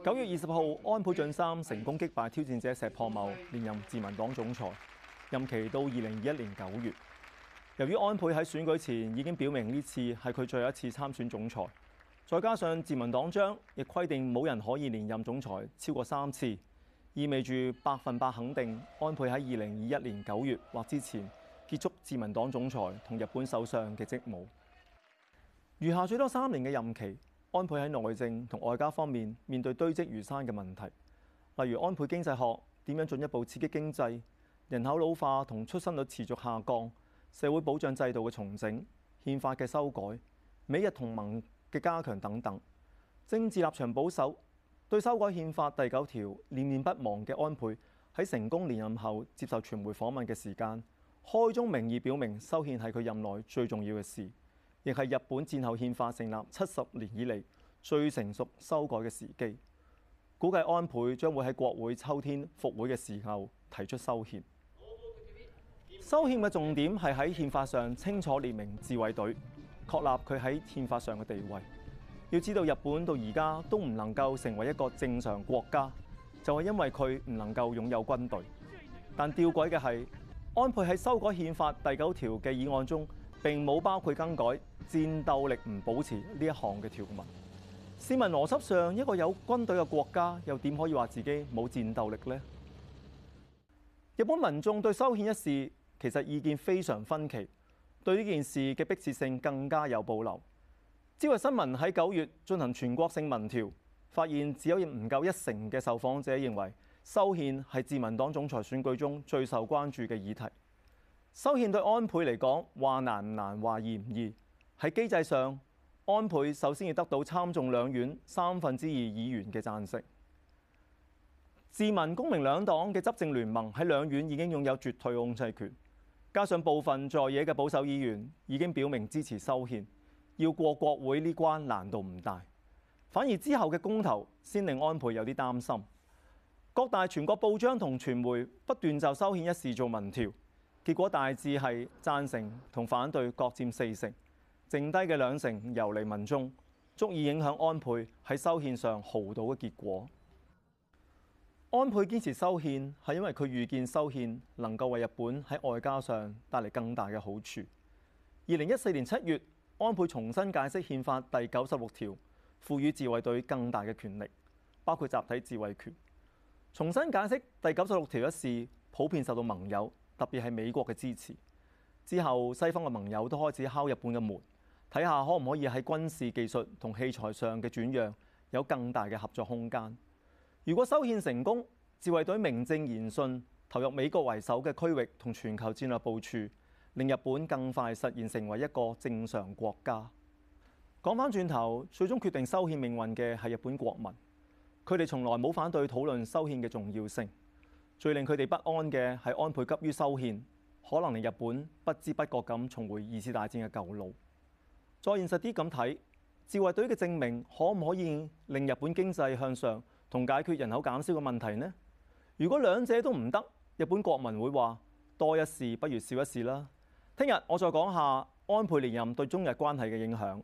九月二十號，安倍晉三成功擊敗挑戰者石破茂，連任自民黨總裁，任期到二零二一年九月。由於安倍喺選舉前已經表明呢次係佢最後一次參選總裁，再加上自民黨章亦規定冇人可以連任總裁超過三次，意味住百分百肯定安倍喺二零二一年九月或之前結束自民黨總裁同日本首相嘅職務。餘下最多三年嘅任期。安倍喺內政同外交方面面對堆積如山嘅問題，例如安倍經濟學點樣進一步刺激經濟、人口老化同出生率持續下降、社會保障制度嘅重整、憲法嘅修改、美日同盟嘅加強等等。政治立場保守，對修改憲法第九條念念不忘嘅安倍喺成功連任後接受傳媒訪問嘅時間，開宗明義表明修憲係佢任內最重要嘅事。亦係日本戰後憲法成立七十年以嚟最成熟修改嘅時機，估計安倍將會喺國會秋天復會嘅時候提出修憲。修憲嘅重點係喺憲法上清楚列明自衛隊，確立佢喺憲法上嘅地位。要知道日本到而家都唔能夠成為一個正常國家，就係因為佢唔能夠擁有軍隊。但吊詭嘅係，安倍喺修改憲法第九條嘅議案中，並冇包括更改戰鬥力唔保持呢一項嘅條文。市民邏輯上，一個有軍隊嘅國家又點可以話自己冇戰鬥力呢？日本民眾對修憲一事其實意見非常分歧，對呢件事嘅迫切性更加有保留。朝日新聞喺九月進行全國性民調，發現只有唔夠一成嘅受訪者認為修憲係自民黨總裁選舉中最受關注嘅議題。修憲對安倍嚟講，話難唔難，話易唔易？喺機制上，安倍首先要得到參眾兩院三分之二議員嘅贊成。自民、公明兩黨嘅執政聯盟喺兩院已經擁有絕對控制權，加上部分在野嘅保守議員已經表明支持修憲，要過國會呢關難度唔大。反而之後嘅公投先令安倍有啲擔心。各大全國報章同傳媒不斷就修憲一事做民調。結果大致係贊成同反對各佔四成，剩低嘅兩成遊離民眾，足以影響安倍喺修憲上豪賭嘅結果。安倍堅持修憲係因為佢預見修憲能夠為日本喺外交上帶嚟更大嘅好處。二零一四年七月，安倍重新解釋憲法第九十六條，賦予自衛隊更大嘅權力，包括集體自衛權。重新解釋第九十六條一事，普遍受到盟友。特別係美國嘅支持之後，西方嘅盟友都開始敲日本嘅門，睇下可唔可以喺軍事技術同器材上嘅轉讓，有更大嘅合作空間。如果修憲成功，自衛隊名正言順投入美國為首嘅區域同全球戰略部署，令日本更快實現成為一個正常國家。講返轉頭，最終決定修憲命運嘅係日本國民，佢哋從來冇反對討論修憲嘅重要性。最令佢哋不安嘅係安倍急於修憲，可能令日本不知不覺咁重回二次大戰嘅舊路。再現實啲咁睇，自衛隊嘅證明可唔可以令日本經濟向上同解決人口減少嘅問題呢？如果兩者都唔得，日本國民會話多一事不如少一事啦。聽日我再講下安倍連任對中日關係嘅影響。